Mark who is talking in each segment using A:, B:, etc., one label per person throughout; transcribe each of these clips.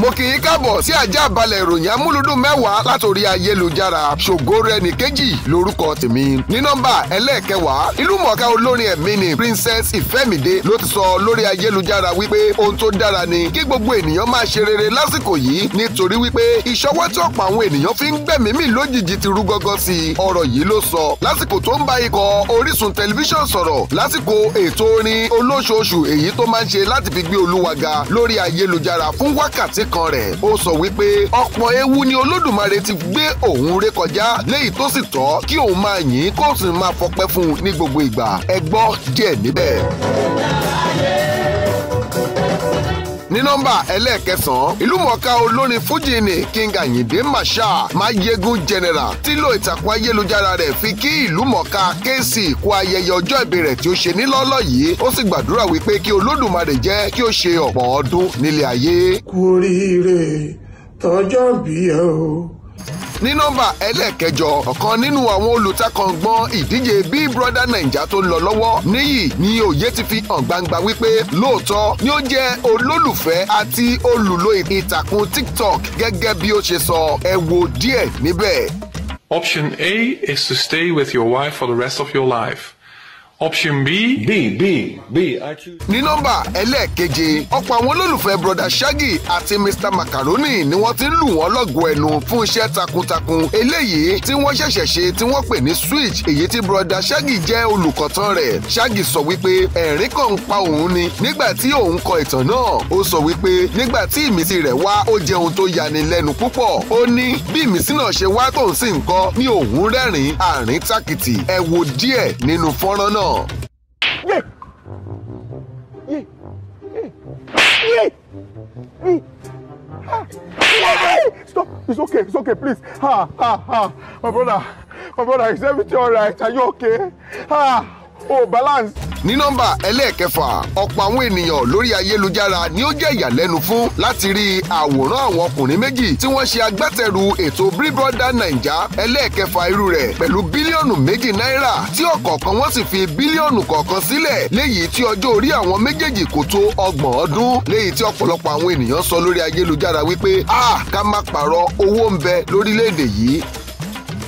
A: mo kì í káàbọ̀ sí ajá balẹ̀ ìròyìn amúlùdùn mẹ́wàá látòrí ayélujára ṣògo rẹ nìkejì lórúkọ tèmi ní nọ́mbà ẹlẹ́ẹ̀kẹwàá ìlúmọ̀ọ́ká olórin ẹ̀mí ni princess ìfẹ́mìdé ló ti sọ lórí ayélujára wípé ohun tó dára ni kí gbogbo ènìyàn máa ṣe rere lásìkò yìí nítorí wípé ìṣọwọ́ tí ọ̀pọ̀ àwọn ènìyàn fi ń gbẹ̀mímì lójijì ti rú gọ́gọ́ sí i ọ̀rọ̀ yìí ló sọ lásìkò tó ń bá ikọ̀ orísun tẹlifíṣàn sọ̀rọ̀ lásìkò ètò orin olóṣooṣù èyí tó máa ń ṣe láti fi gbé olúwa ga lórí ayélujára fún wákàtí kan rẹ̀ ó sọ wípé ọ̀pọ̀ ewu ni olódùmarè ti gbé òun ré kọjá léyìí tó sì tọ́ kí òun máa yìn kó sì máa fọpẹ́ fún un ní gbogbo ìgbà ẹ díẹ̀ níbẹ̀ ní nọ́mbà ẹlẹ́ẹ̀kẹsàn-án ìlúmọ̀ọ́ká olórin fújì ni King Ayinde Marshal Mayegun General tí lo ìtàkùn ayélujára rẹ̀ fi kí ìlúmọ̀ọ́ká kéèsì kú ayẹyẹ ọjọ́ ìbí rẹ̀ tí ó ṣe nílọ́lọ́ yìí ó sì gbàdúrà wípé kí olódùmarè jẹ́ kí ó ṣe ọ̀pọ̀ ọdún nílé ayé. kú oríire tọjọ́ bí ẹ o ní nọ́mbà ẹlẹ́ẹ̀kẹjọ ọ̀kan nínú àwọn olùtakọ̀ngbọ̀n ìdíje Big Brother Naija tó ń lọ lọ́wọ́ níyì ni òye ti fi hàn gbangba wípé lóòótọ́ ni ó jẹ́ olólùfẹ́ àti olùlò ìtàkùn TikTok gẹ́gẹ́ bí ó ṣe sọ ẹ wo díẹ̀ níbẹ̀. Option A is to stay with your wife for the rest of your life option b. b b b. I choose. ní nọ́mbà ẹlẹ́ẹ̀keje ọ̀pọ̀ àwọn olólùfẹ́ broda shaggy àti mr macaroni ni wọ́n ti ń lù wọ́n lọ́gọ̀ọ́ ẹnu fún iṣẹ́ takuntakun eléyìí tí wọ́n ṣẹ̀ṣẹ̀ ṣe tí wọ́n pè ní switch èyí tí broda shaggy jẹ́ olùkọ́tàn rẹ̀ shaggy sọ wípé ẹ̀rín kan ń pa òun ni nígbà tí òun kọ ìtàn náà ó sọ wípé nígbà tí ìmísí rẹ̀ wá ó jẹ́ ohun tó yani lẹ́nu púpọ̀ ó ní bí ìmísí náà ṣe wá tóun sì ń kọ́ ní òun rẹ́rìn-ín àrín tàkìtì ẹ díẹ̀ nínú fọ́nrán náà lọ. Yeah. Yeah. Yeah. Yeah. Ah. Yeah. Stop. It's okay. It's okay. Please. Ha ha ha. My brother. My brother, is everything alright? Are you okay? Ha. Oh, balance ní nọ́mbà ẹlẹ́ẹ̀kẹfà ọ̀pọ̀ àwọn ènìyàn lórí ayélujára ni ó jẹ́ ìyàlẹ́nu fún láti rí àwòrán àwọn ọkùnrin méjì tí wọ́n ṣe agbátẹrù ètò Big Brother Naija ẹlẹ́ẹ̀kẹfà irú rẹ̀ pẹ̀lú bílíọ̀nù méjì náírà tí ọ̀kọ̀ọ̀kan wọ́n sì fi bílíọ̀nù kọ̀ọ̀kan sílẹ̀ léyìí tí ọjọ́ orí àwọn méjèèjì kò tó ọgbọ̀n ọdún léyìí tí ọ̀pọ̀lọpọ̀ àwọn ènìyàn sọ lórí ayélujára wípé a ah, ká má pààrọ̀ owó ń bẹ lórílẹ̀ yìí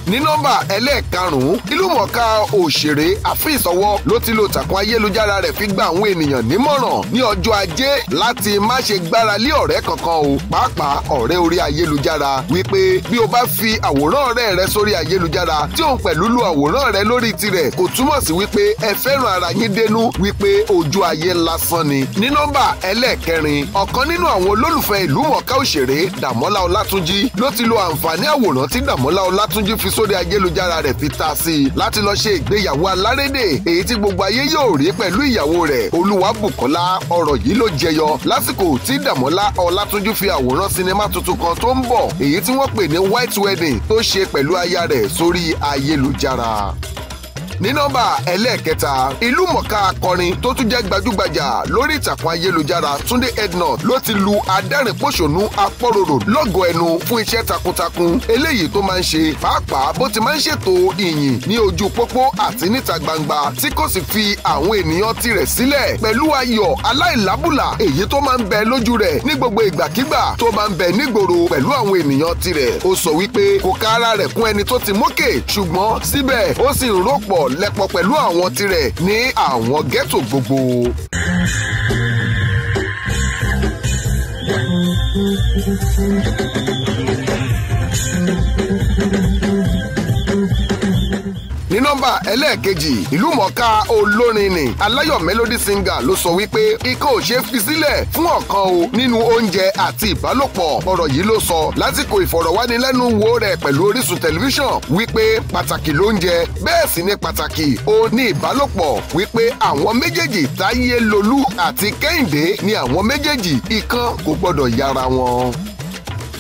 A: ní nọ́mbà ẹlẹ́ẹ̀karùn-ún ìlúmọ̀ọ́ká òṣèré àfihìsọwọ́ ló ti lo ìtàkùn ayélujára rẹ̀ fi gba àwọn ènìyàn nímọ̀ràn ní ọjọ́ ajé láti má ṣe gbára lé ọ̀rẹ́ kankan o pàápàá ọ̀rẹ́ orí ayélujára wípé bí o bá fi àwòrán ọ̀rẹ́ rẹ sórí ayélujára tí òun pẹ̀lú lo àwòrán rẹ lórí tirẹ̀ kò túmọ̀ sí wípé ẹ fẹ́ràn ara yín dénú wípé ojú ayé lásán ni ní nọ́mbà ẹlẹ́ẹ̀kẹrin ọ̀kan nínú àwọn olólùfẹ́ ìlúmọ̀ọ́ká òṣèré Dàmọ́lá Ọlátúnjí ló ti lo àǹfààní àwòrán tí Dàmọ́lá Ọlátúnjí fi sórí ayélujára rẹ̀ fi ta sí i láti lọ ṣe ìgbéyàwó alárédè èyí tí gbogbo ayé yóò rí pẹ̀lú ìyàwó rẹ̀ Olúwabùkọ́lá ọ̀rọ̀ yìí ló jẹyọ lásìkò tí Dàmọ́lá Ọlátúnjú fi àwòrán sinimá tuntun kan tó ń bọ̀ èyí tí wọ́n pè ní White Wedding tó ṣe pẹ̀lú aya rẹ̀ sórí ayélujára ní nọ́mbà ẹlẹ́ẹ̀kẹta ìlúmọ̀ọ́ká akọrin tó tún jẹ́ gbajúgbajà lórí ìtàkùn ayélujára Túndé Ednut ló ti lu adẹ́rìn-pọ̀ṣọ́nù apọ́rọ̀rọ̀ lọ́gọ̀ọ́ ẹnu fún iṣẹ́ takuntakun eléyìí tó máa ń ṣe pàápàá bó ti máa ń ṣètò ìyìn ní ojú pópó àti níta gbangba tí kò sì fi àwọn ènìyàn tirẹ̀ sílẹ̀ pẹ̀lú ayọ̀ aláìlábùlà èyí tó máa ń bẹ lójú rẹ̀ ní gbogbo ìgbàkigbà tó máa ń bẹ nígboro pẹ̀lú àwọn ènìyàn tirẹ̀ ó sọ wípé kò ká ara rẹ̀ kún ẹni tó ti mókè ṣùgbọ́n síbẹ̀ ó sì ń ròpọ̀ lẹ́pọ̀ pẹ̀lú àwọn tirẹ̀ ní àwọn ghetto gbogbo. Thank you. nọ́mbà ẹlẹ́ẹ̀kejì ìlú mọ̀ọ́ká olórin ni aláyọ̀ melody singer ló sọ wípé ikọ̀ ò fi sílẹ̀ fún ọ̀kan o nínú oúnjẹ àti ìbálòpọ̀ ọ̀rọ̀ yìí ló sọ lásìkò ìfọ̀rọ̀wánilẹ́nuwò rẹ̀ pẹ̀lú Orísun tẹlifíṣàn wípé pàtàkì lóúnjẹ bẹ́ẹ̀ sì ni pàtàkì ó ní ìbálòpọ̀ wípé àwọn méjèèjì Táyé Lolú àti Kẹ́hìndé ni àwọn méjèèjì ìkan kò gbọ́dọ̀ yára wọn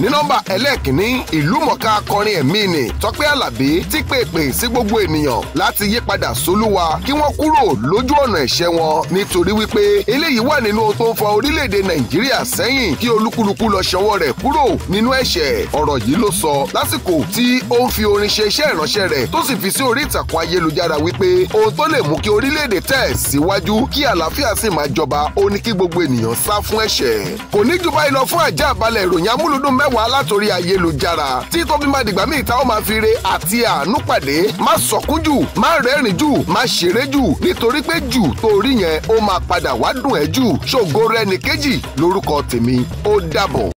A: ní nọ́mbà ẹlẹ́ẹ̀kínní ìlúmọ̀ọ́ká akọrin ẹ̀mí ni tọ́pẹ́ àlàbí ti pèpè sí gbogbo ènìyàn láti yí padà sólúwa kí wọ́n kúrò lójú ọ̀nà ẹ̀ṣẹ̀ wọn nítorí wípé eléyìí wà nínú ohun tó ń fa orílẹ̀-èdè nàìjíríà sẹ́yìn kí olúkúlùkù lọ ṣọwọ́ rẹ̀ kúrò nínú ẹ̀ṣẹ̀ ọ̀rọ̀ yìí ló sọ lásìkò tí ó ń fi orin ṣe iṣẹ́ ìránṣẹ́ rẹ̀ tó sì fi sí orí ìtàkùn ayélujára wípé ohun tó lè mú kí orílẹ̀-èdè tẹ̀ síwájú kí àlàáfíà sì máa jọba ó ní kí gbogbo ènìyàn sá fún ẹ̀ṣẹ̀ láwọn alátorí ayélujára tí tó fi máa dìgbà míì tá ó máa fi re àti àánú pàdé má sọkún jù má rẹ́rìn jù má ṣeré jù nítorí pé jù tó rí yẹn ó máa padà wá dùn ẹ́ jù ṣògo rẹ̀ nìkejì lórúkọ tèmi ó dàbọ̀.